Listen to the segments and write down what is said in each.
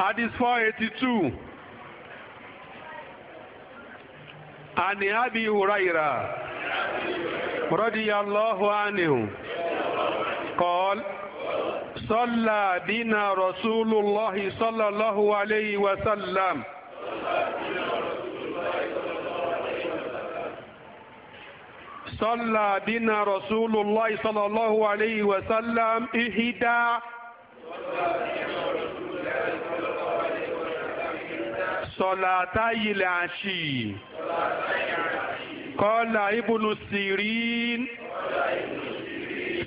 Hadith 482. عن أبي هريرة رضي الله عنه قال صلى بنا رسول الله صلى الله عليه وسلم صلى بنا رسول الله صلى الله عليه وسلم إحدى صلاتي العشي قال ابن سيرين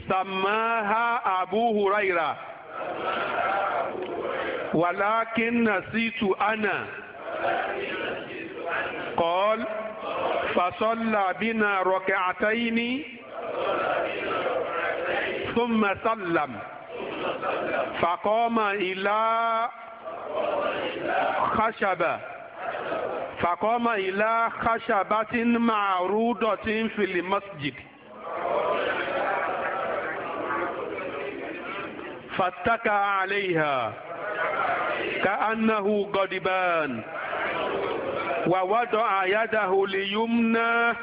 سماها أبو هريرة ولكن نسيت أنا قال فصلى بنا ركعتين ثم سلم فقام إلى خشبة فقام إلى خشبة معروضة في المسجد فاتكى عليها كأنه غضبان ووضع يده اليمنى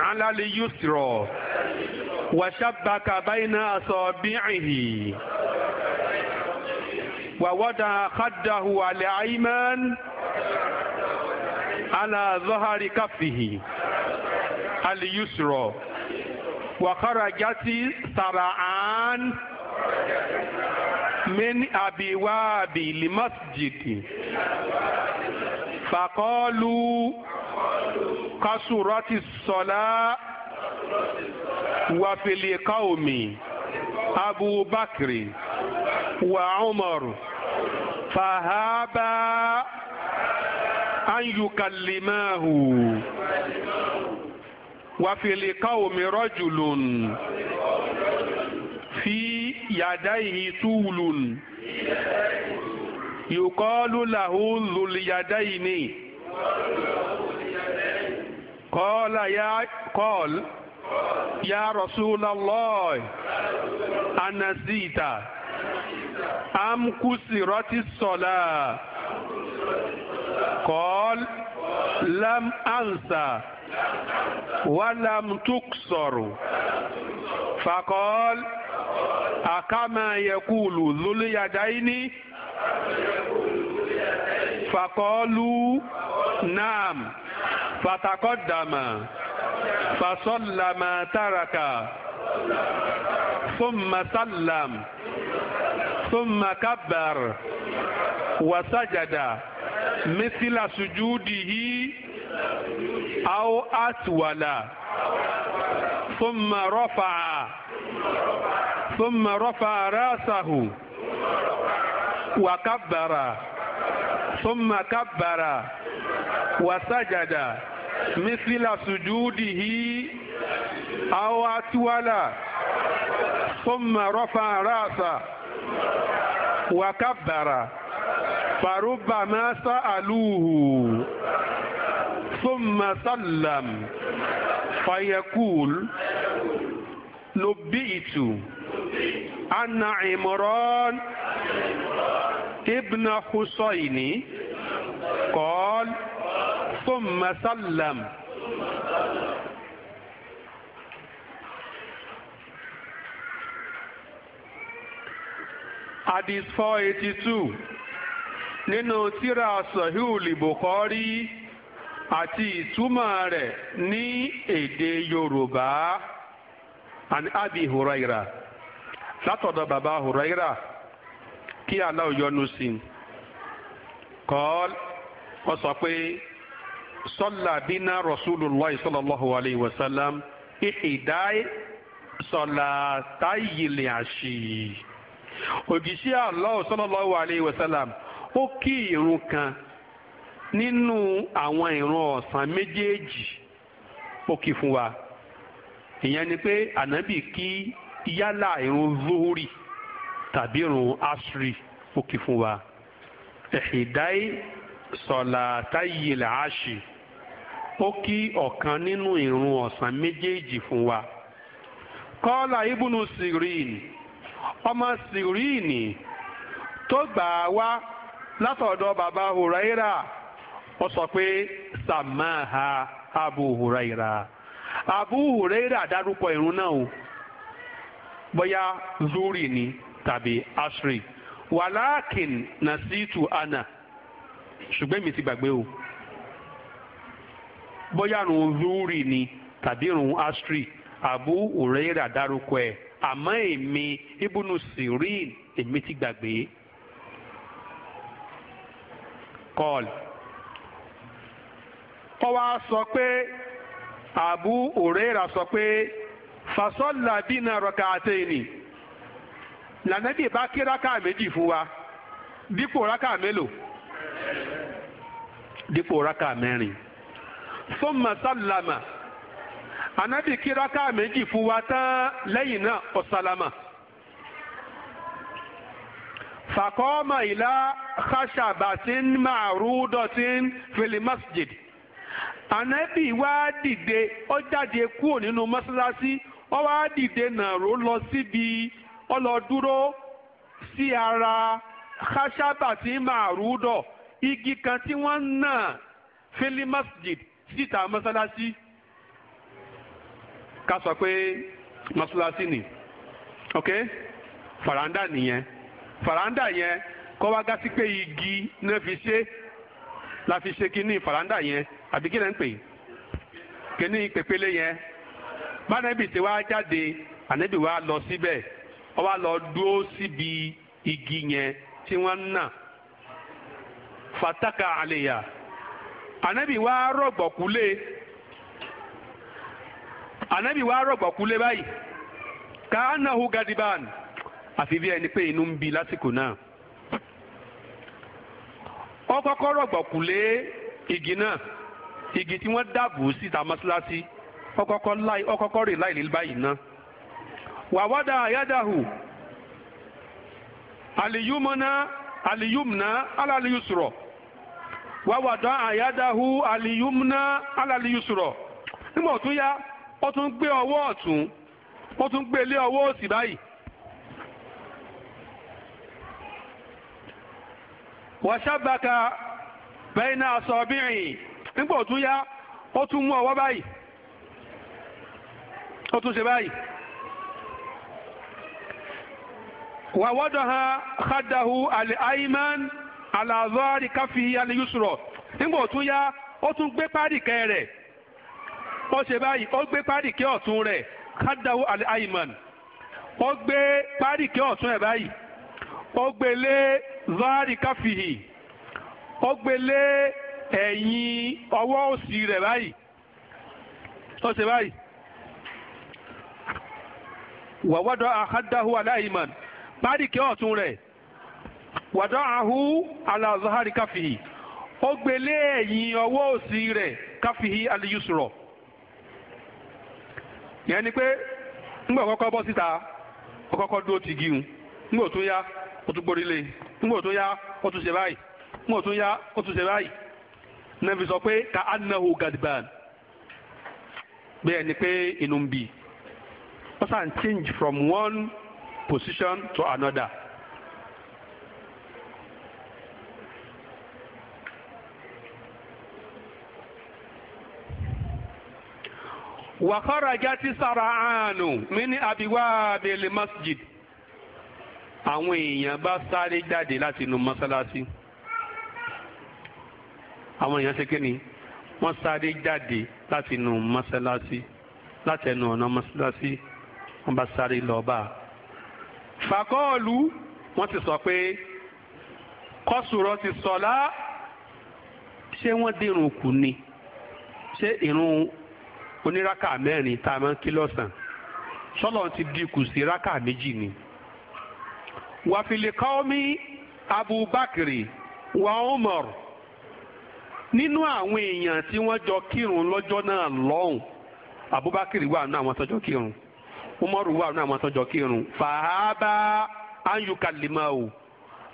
على اليسرى وشبك بين أصابعه ووضع خده على أيمن على ظهر كفه اليسرى وخرجت سرعان من أبواب المسجد فقالوا قصرت الصلاة وفي القوم أبو بكر وعمر فهابا أن يكلماه وفي القوم رجل في يديه طول يقال له ذو اليدين قال يا قال يا رسول الله أنسيت am kusirati sọla kọl lam ansa walam tuksoru fakọl akama yakulu dhuli yadaini fakọlu naam fatakọdama fasọlama taraka thumma sallam. ثم كبر وسجد مثل سجوده أو أسول ثم رفع ثم رفع رأسه وكبر ثم كبر وسجد مثل سجوده أو أسول ثم رفع رأسه وكبر فربما سألوه ثم سلم فيقول لبئت أن عمران ابن حسين قال ثم سلم hadith four eighty two nínú tírà sahihul bukhari àti ìtumọ̀ rẹ̀ ní èdè yorùbá àni abi huraira látọ̀dọ̀ bàbá huraira kí Allah yọ́nú sí i kọ́ọ́l wọ́n sọ pé sọ́là bínà rasulullah sallallahu alayhi wa sallam ìhìdáì sọ̀là táyìlì àṣì òjíṣẹ́ Allah sallallahu alayhi wa sallam ó kí irun kan nínú àwọn irun ọ̀sán méjèèjì ó kí fún wa ìyẹn ni pé ànábì kí yálà irun zuhuri tàbí irun asri ó kí fún wa ẹ̀hìdáì sọ̀làtàyè làásì ó kí ọ̀kan nínú irun ọ̀sán méjèèjì fún wa kọ́lá ibùnú sirin. ọmọ sirini tó gbà á wá látọ̀dọ̀ bàbá huraira ó sọ pé samaha abu huraira abu huraira dárúkọ irun náà o bóyá zuri ni tàbí ashri walakin nasitu ana ṣùgbọ́n mi ti gbàgbé o bóyá irun zuri ni tàbí irun ashri abu huraira dárúkọ ẹ̀. àmọ́ èmi ibùnú sirin èmi ti gbàgbé. kọ́ọ̀lù ó wá sọ pé àbú òrèrà sọ pé fasọ́là bínà rọ̀kà àtẹ̀yìnì lànàbí bá kí rákà méjì fún wa dípò rákà mélòó dípò rákà mẹ́rin fún màsálàmà anabi kiraka méjì fún wa tán lẹ́yìn náà ọ̀sálámà. fàkọ́ọ́mà ìlà khashabatin ma'rudatin fil masjid. anabi wá dìde ó jáde kúrò nínú mọ́sálásí ó wá dìde nàró lọ síbi ó lọ dúró sí ara khashabatin ma'rudo igi kan tí wọ́n ń nà fil masjid síta mọ́sálásí. Si ká sọ pé mọ́ṣáláṣí ni ok Faranda nìyẹn fàràǹdà yẹn kọ́ wá gá sí pé igi náà fi ṣe la fi ṣe kínní fàràǹdà yẹn àbí kí lẹ́ ń pè kínní pèpele yẹn bánẹ́bì tí wàá jáde ànẹ́bì wàá lọ síbẹ̀ ọ wá lọ dúró síbi igi yẹn tí wọ́n nà fataka àlèyà ànẹ́bì wàá rọ̀gbọ̀kúlé. ànábì wa rọ̀gbọ̀kú ka báyìí ká anahu gadiban àfi bí ẹni pé inú ń bi lásìkò náà ó kọ́kọ́ igi náà igi tí wọ́n dàbò síta mọ́ṣáláṣí ó rè láìlè báyìí náà wàwádà àlìyúmọ́ná wàwádà nígbà ya. ó tún gbé ọwọ́ ọ̀tún ó tún gbé lé ọwọ́ òsì báyìí. wàṣàbàkà bẹ́ẹ̀ náà sọ rìn. nígbà òtún yá ó tún mú ọwọ́ báyìí ó ṣe báyìí. wàwọ́dọ̀ ha kádàhù Ali àìmán àlàzọ́ àríkàfì àlẹ́ yusrọ̀ nígbà òtún yá ó tún gbé ó ṣe báyìí ó gbé párìkì ọ̀tún rẹ̀ kádàwó àìmọ̀n ó gbé párìkì ọ̀tún ẹ̀ báyìí ó gbé lé zari káfíhì ó gbé lé ẹ̀yìn ọwọ́ òsì rẹ̀ báyìí ó ṣe báyìí wàwádọ́ àkádàwó àìmọ̀n párìkì ọ̀tún rẹ̀ wàdọ́ àhú àlàzọ́hárì káfíhì ó gbé lé ẹ̀yìn ọwọ́ òsì rẹ̀ káfíhì aliyusrọ̀. yẹn ni pé ńgbà kọ́kọ́ bọ́ síta ọkọ́kọ́ dúró ti gíhun ńgbà tó yá ó tún gbórí lé ńgbà tó yá ó tún ṣe báyìí ńgbà ka anahu gadban bẹ́ẹ̀ ni pé inú ń bì ó sàn change from one position to another. wàkàràjà ti sara àánú mi ní abiwá abẹ́lé masjid àwọn èèyàn bá sáré jáde láti inú mọ́sálásí àwọn èèyàn ṣe kíni wọ́n sáré jáde láti inú mọ́sálásí láti ẹnu ọ̀nà mọ́sálásí wọ́n bá sáré lọ bá a. fàkọ́ọ̀lù wọ́n ti sọ pé kọ́sùrọ̀ ti sọ̀lá ṣé wọ́n dẹ̀rùn kù ni ṣé ìrun oníraka mẹ́rin tá a máa ń kí lọ́sàn sọ́lọ́ ti dínkù sí raka méjì ni. wàfìlẹ̀ káwọ́mí abubakiri wa umar nínú àwọn èèyàn tí wọ́n jọ kírun lọ́jọ́ náà lọ́hùn abubakiri wà nínú àwọn tọ́jọ́ kírun umar wà nínú àwọn tọ́jọ́ kírun fàábà anyukalimau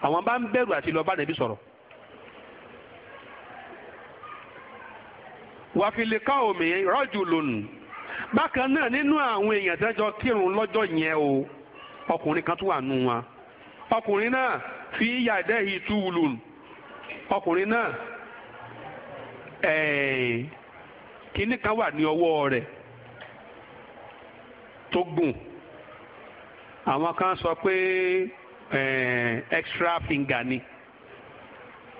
àwọn bá ń bẹ̀rù àti lọ́ọ́ bá nàbí sọ̀rọ̀ wàfìlíkà omi rọ́jùlùn bákan náà nínú àwọn èèyàn tí wọ́n jọ kírun lọ́jọ́ yẹn o ọkùnrin kan tún wà nù wọn ọkùnrin náà fi yàdẹ́ ìtúwùlùn ọkùnrin náà kínní kan wà ní ọwọ́ rẹ̀ tó gùn àwọn kan sọ pé extra finger ni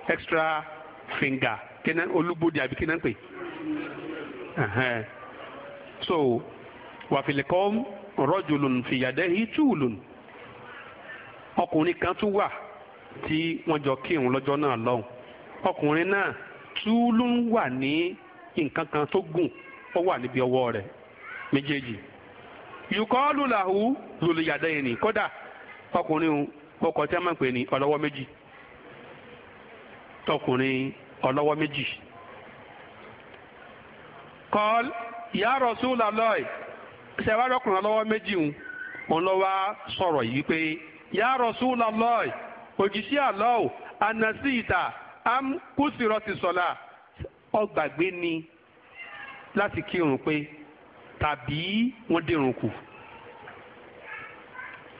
extra finger olúgbòdì àbí kí náà ń pè é. so wàfìlẹ̀kọ́ rọ́jùlùn fìyàdẹ́hì túùlùn ọkùnrin kan tún wà tí wọn jọ kírun lọjọ náà lọ́hùn ọkùnrin náà túùlùn wà ní nǹkan kan tó gùn ó wà níbi méjèèjì ni kódà ọkùnrin tí a máa ń pè méjì. kọ́l ya Rasulullah ṣẹ̀wárí ọkùnrin ọlọ́wọ́ méjì ń òun lọ́wọ́ sọ̀rọ̀ yìí pé ya Rasulullah òjìṣẹ́ àlọ́ ànàsí ìta am kùsìrọ̀ ti sọ̀la ọgbàgbé ni láti kírun pé tàbí wọ́n dẹ̀rùn kù.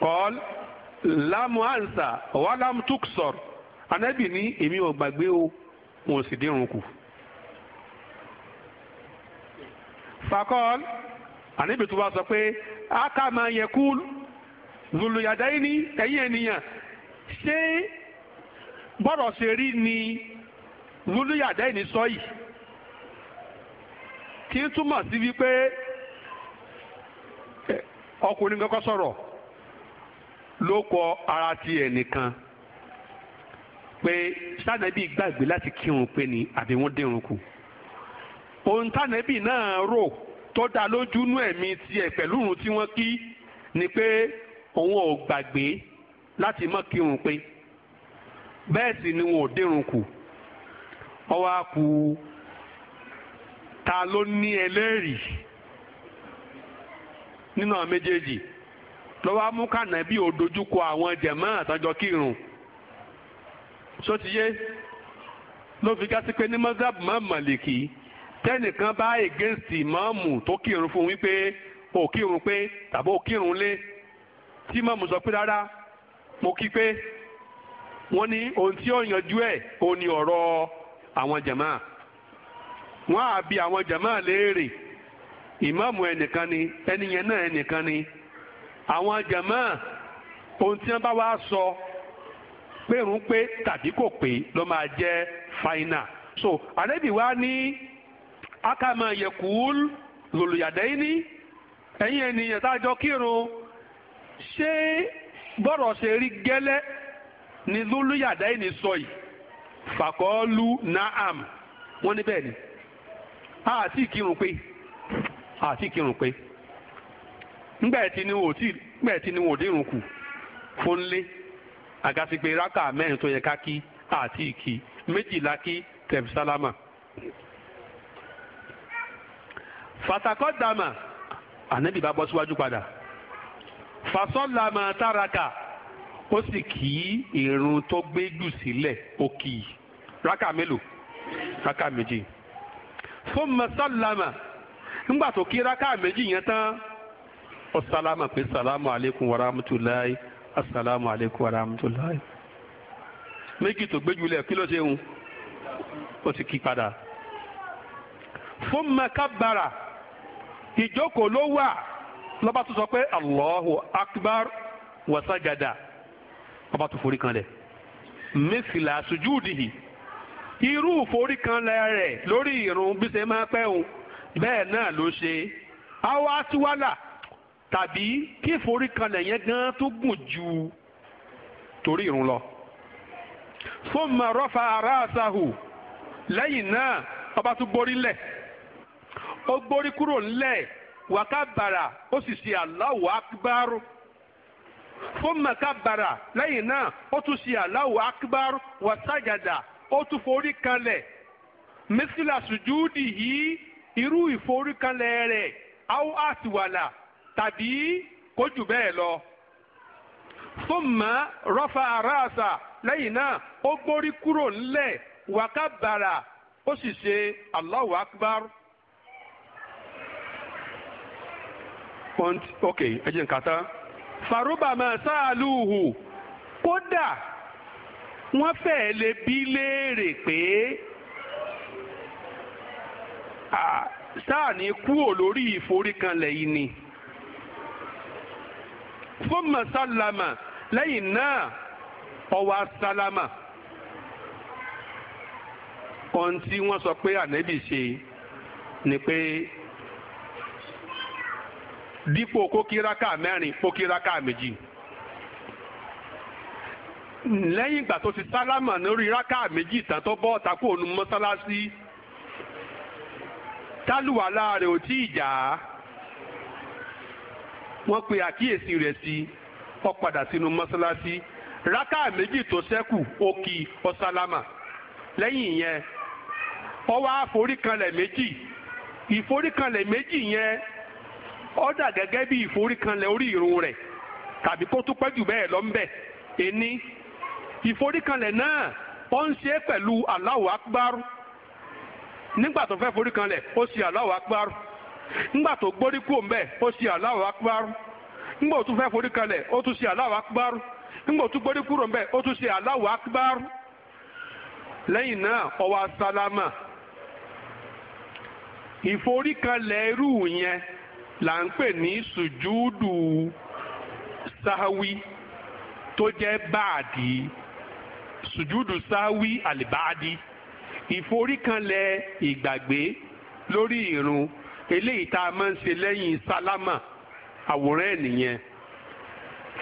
kọ́l lámù ànsà wàlámù túkṣọ̀r ànábì ní èmi ò gbàgbé o wọn ò sì dẹ̀rùn kù. fakọ́l àníbi tó wá sọ pé aka máa yẹ kúl lùlùyàdá yìí ní ẹ̀yìn ènìyàn ṣé bọ́rọ̀ ṣe rí ni lùlùyàdá yìí ní sọ yìí kí n túmọ̀ sí wípé ọkùnrin kankan sọ̀rọ̀ ló kọ ara tiẹ̀ nìkan pé sànàbí gbàgbé láti kírun pé ni àbí wọ́n dẹ̀rùn kù ohun tánẹ́bì náà rò tó dá lójú nú ẹ̀mí tiẹ̀ pẹ̀lú irun tí wọ́n kí ni pé òun ò gbàgbé láti mọ́ kírun pé bẹ́ẹ̀ sì ni wọn ò dérun kù ọwọ́ á ku ta ló ní ẹlẹ́rìí nínú àwọn méjèèjì lọ́wọ́ amúkànnà bí ò àwọn jẹ̀mọ́ àtọ́jọ́ kírun sótìyé ló fi gásí pé ní mọ́sáàbù má màlìkì. So tẹ́nìkan bá against ìmáàmù tó kírun fún wípé o kírun pé tàbí o kírun lé tí ìmáàmù sọ pé rárá mo kí pé wọ́n ní ohun tí ó yanjú ẹ̀ o ní ọ̀rọ̀ àwọn jàmáà wọ́n á bi àwọn jàmáà léèrè ìmáàmù ẹnìkan ni ẹnìyẹn náà ẹnìkan ni àwọn jàmáà ohun tí wọ́n bá wá sọ pé irun pé tàbí kò pé ló máa jẹ́ fáínà so àlébì wa ní. akama yekul lòlùyàdẹ́yìní ẹ̀yin ènìyàn tájọ kírun ṣé bọ́rọ̀ ṣe rí ni lòlùyàdẹ́yìní sọ yìí fàkọ́ọ́lù naam wọ́n ní ni àti kírun pé àti kírun pé ngbà tí ni wò ni dírun kù fúnlé rákà mẹ́rin tó yẹ ká kí àti méjìlá kí fàtàkọ́ dàmà ànábì bá bọ́ síwájú padà fasọ́làmà tàràkà ó sì kí irun tó gbé jù sílẹ̀ ó kì í rákà mélòó rákà méjì fún mọ́sálàmà nígbà tó kí rákà méjì yẹn tán ó sálámà pé sàlámù aleykum wa rahmatulahi asalaamu aleykum wa rahmatulahi méjì tó gbé jùlẹ̀ kí ló ṣe ń ó ti kí padà fún mọ́kábàrà ìjókòó ló wà lọ́ba tó sọ pé allahu akbar wasajada ọba tó forí kanlẹ̀ mísìlá sujúdìhì irú forí kanlẹ̀ rẹ̀ lórí ìrun bí ṣe máa pẹ́ òun bẹ́ẹ̀ náà ló ṣe awa tiwala tàbí kí forí kanlẹ̀ yẹn gan tó gùn ju torí ìrun lọ fún màrọ́fà aráàsáhù lẹ́yìn náà ọba tó borí lẹ̀ ó gbórí kúrò ńlẹ̀ wàkàbàrà ó sì ṣe Allahu akbar fún màkàbàrà lẹ́yìn náà ó tún ṣe Allahu akbar wàsàgàdà ó tún forí kanlẹ̀ mísílà sùjúdì yìí irú ìforíkanlẹ̀ rẹ̀ áwọ́ àtiwàlà tàbí kó jù bẹ́ẹ̀ lọ. Súnmọ́ rọ́fà aráàsà lẹ́yìn náà ó gbórí kúrò ńlẹ̀ wákàbàrà ó sì ṣe Allahu Akbar. point ok ẹ jẹ́ nǹkan tán faruba máa sáàlùhù kódà wọ́n fẹ́ẹ́ lè bí léèrè pé sáà ní kúrò lórí ìforíkanlẹ̀ yìí ni fún mọ̀sálámà lẹ́yìn náà ọwọ́ asálámà ohun tí wọ́n sọ pé ànẹ́bì ṣe ni pé. dípò kó kí rákà mẹ́rin kó méjì lẹ́yìn ìgbà tó ti sálámà lórí rákà méjì tán tó bọ́ ọ̀tá kó nu mọ́sálásí tálùwàlá rẹ̀ ò tí ì jà á wọ́n pe àkíyèsí rẹ̀ sí ọ padà sínú mọ́sálásí rákà méjì tó ṣẹ́kù ó kí ó sálámà lẹ́yìn yẹn ó wá méjì ìforíkanlẹ̀ méjì yẹn ó dà gẹ́gẹ́ bí ìforíkanlẹ̀ orí ìrun rẹ̀ tàbí kó tún pẹ́ jù bẹ́ẹ̀ lọ ńbẹ̀ ení ìforíkanlẹ̀ náà ó ń ṣe pẹ̀lú aláwọ̀ akpárù nígbà tó fẹ́ foríkanlẹ̀ ó ṣe aláwọ̀ akpárù nígbà tó gbórí ó ṣe nígbà tó fẹ́ ó tún ṣe nígbà tó gbórí ó tún ṣe lẹ́yìn náà là ń pè ní sùjúdù sáwí tó jẹ́ báàdì sùjúdù sáwí àlìbáàdì ìforíkanlẹ̀ ìgbàgbé lórí ìrun eléyìí tá a máa ń ṣe lẹ́yìn sálámà àwòrán ẹ̀ nìyẹn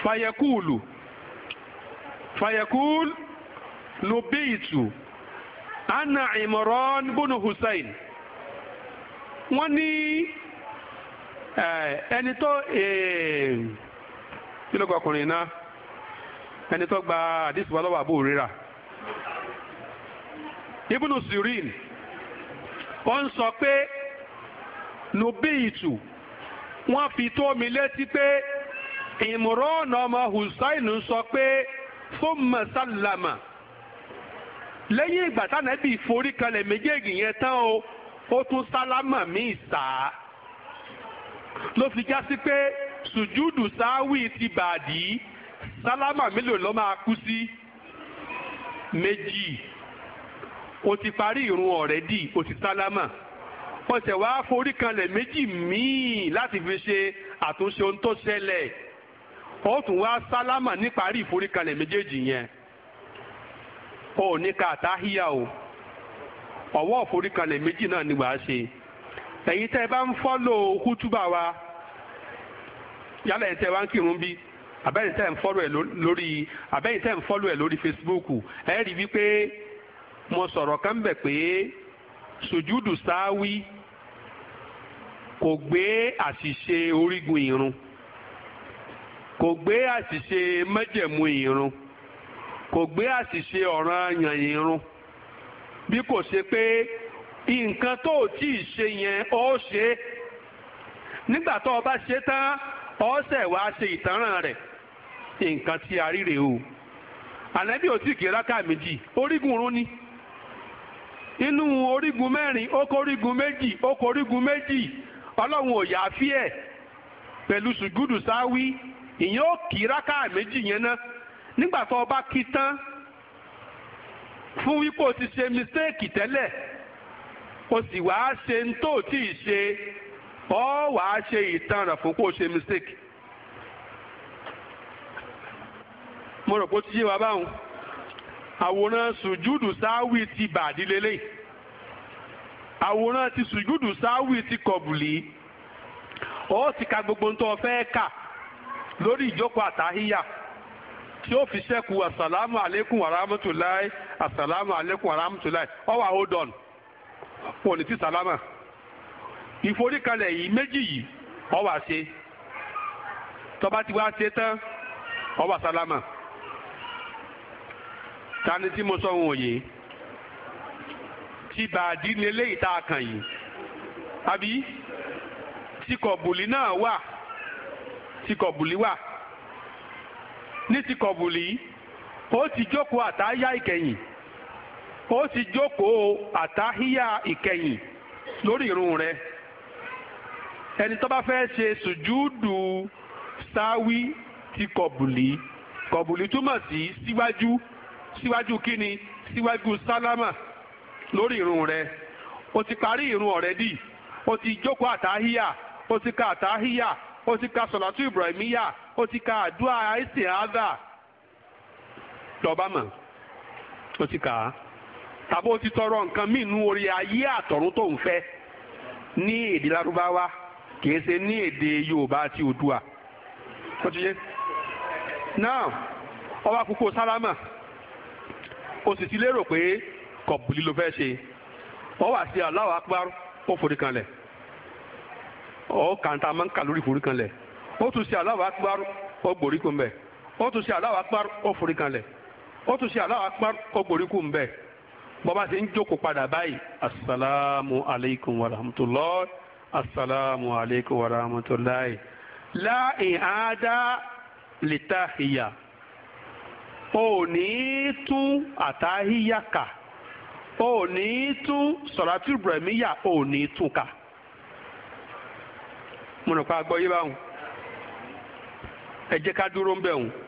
fayekulu fayekul nubeitu anna imran bunu hussein wọ́n ní. ẹni tó kí ló gba ọkùnrin náà ẹni tó gba àdìsí lọ́wọ́ àbúrò rírà Ibnu Sirin ó ń sọ pé nubiitu wọ́n fi tó mi létí pé Imran ọmọ Hussein ń sọ pé fúnmọ̀ sálàmà lẹ́yìn ìgbà tánàbí forí kalẹ̀ méjèèjì yẹn tán o ó tún sálámà míì ló fi já sí pé sùjúdù sáwì ti bàdí sálámà mélòó ló máa kú sí méjì o ti parí ìrun ọ̀rẹ́dì o ti sálámà o ṣẹ̀ wá forí kanlẹ̀ méjì míì láti fi ṣe àtúnṣe ohun tó ṣẹlẹ̀ o tún wá sálámà níparí ìforí kanlẹ̀ méjèèjì yẹn o ò ní ka àtàhíyà o ọwọ́ ìforí kanlẹ̀ méjì náà ni wàá ṣe ẹ̀yin tẹ́ ẹ bá ń fọ́lò hútúbà wa yálà ẹ̀yin tẹ́ ẹ wá ń kírun bí abẹ́yìn tẹ́ ẹ ń fọ́lò ẹ̀ lórí abẹ́yìn tẹ́ ẹ ń fọ́lò ẹ̀ lórí Facebook ẹ rí wípé mo sọ̀rọ̀ kan bẹ̀ pé sùjúdù sáwí kò gbé àṣìṣe orígun ìrun kò gbé àṣìṣe mẹ́jẹ̀mú ìrun kò gbé àṣìṣe ọ̀ranyàn ìrun bí kò ṣe pé nǹkan tó o tí ì ṣe yẹn ó ṣe é nígbà tó o bá ṣe tán ó ṣẹ̀ wá ṣe ìtanràn rẹ nǹkan tí a o ànábì ò tí ì kéré ká méjì orígun rún ni inú orígun mẹ́rin ó kó orígun méjì ó kó orígun méjì ọlọ́run ò yá fí ẹ̀ pẹ̀lú sùgúdù sáwí ìyẹn ó kí rákà méjì yẹn ná nígbà tó o bá kí tán fún wípé o ti ṣe mistake tẹ́lẹ̀ o sì wá ṣe ń tó tí ì ṣe ọ wá ṣe ìtanràn fún kó o ṣe mistake. mo rò pé ó ti yé wa báwọn àwòrán sùjúdù sáwì ti bàdí lélẹ̀ àwòrán ti sùjúdù sáwì ti kọ̀bùlì ó ti ka gbogbo ń tó fẹ́ kà lórí ìjókòó àtàhíyà tí ó fi ṣẹ́kù asalaamu aleykum wa rahmatulahi asalaamu aleykum wa rahmatulahi ọwọ́ àhódọ́nù. wọn ò ní ti sàlámà ìforíkalẹ̀ yìí méjì yìí ó wá ṣe tó bá ti wá ṣe tán ó wá sàlámà tani tí mo sọ wọn yìí ti bàdí ni eléyìí tá a kàn yìí àbí tí kọ̀bùlì náà wà tí kọ̀bùlì wà ní ti kọ̀bùlì ó ti jókòó àtàyà ìkẹyìn. ó ti jókòó àtàhíyà ìkẹyìn lórí irun rẹ ẹni tó bá fẹ́ ṣe sùjúdù sáwí ti kọ̀bùlì kọ̀bùlì túmọ̀ sí síwájú síwájú kíni síwájú sálámà lórí irun rẹ o ti parí irun ọ̀rẹ́dì o ti jókòó àtàhíyà o ti ka àtàhíyà o ti ka sọ̀làtú o ti ka àdúrà lọ́ba o ti kà tàbó ti tọrọ nǹkan míì nú orí ayé àtọ̀run tó ń fẹ́ ní èdè lárúbáwá kì í ṣe ní èdè yorùbá àti òdua wọ́n ti yé náà ọba kúkú sálámà o sì ti lérò pé kọ̀bùlì ló fẹ́ ṣe ọ wà sí Allahu Akbar ó forí kanlẹ̀ ọ kàńtà máa ń kà lórí forí kanlẹ̀ ó tún ṣe Allahu Akbar ó gbórí kò ń bẹ̀ ó tún ṣe Allahu Akbar ó forí kanlẹ̀ ó tún ṣe Allahu Akbar ó gbórí ń bẹ̀ bọ́ba ti ń jókòó padà báyìí asalaamu aleykum wa rahmatulah asalaamu aleykum wa rahmatulah láì àádá litahiya o ní tún àtàhíyà kà o ní tún sọ̀ràtú ibrahimiya o ní tún kà mo nà pa agbọ́ báwọn ẹ jẹ́ ká dúró ń bẹ̀ wọ́n.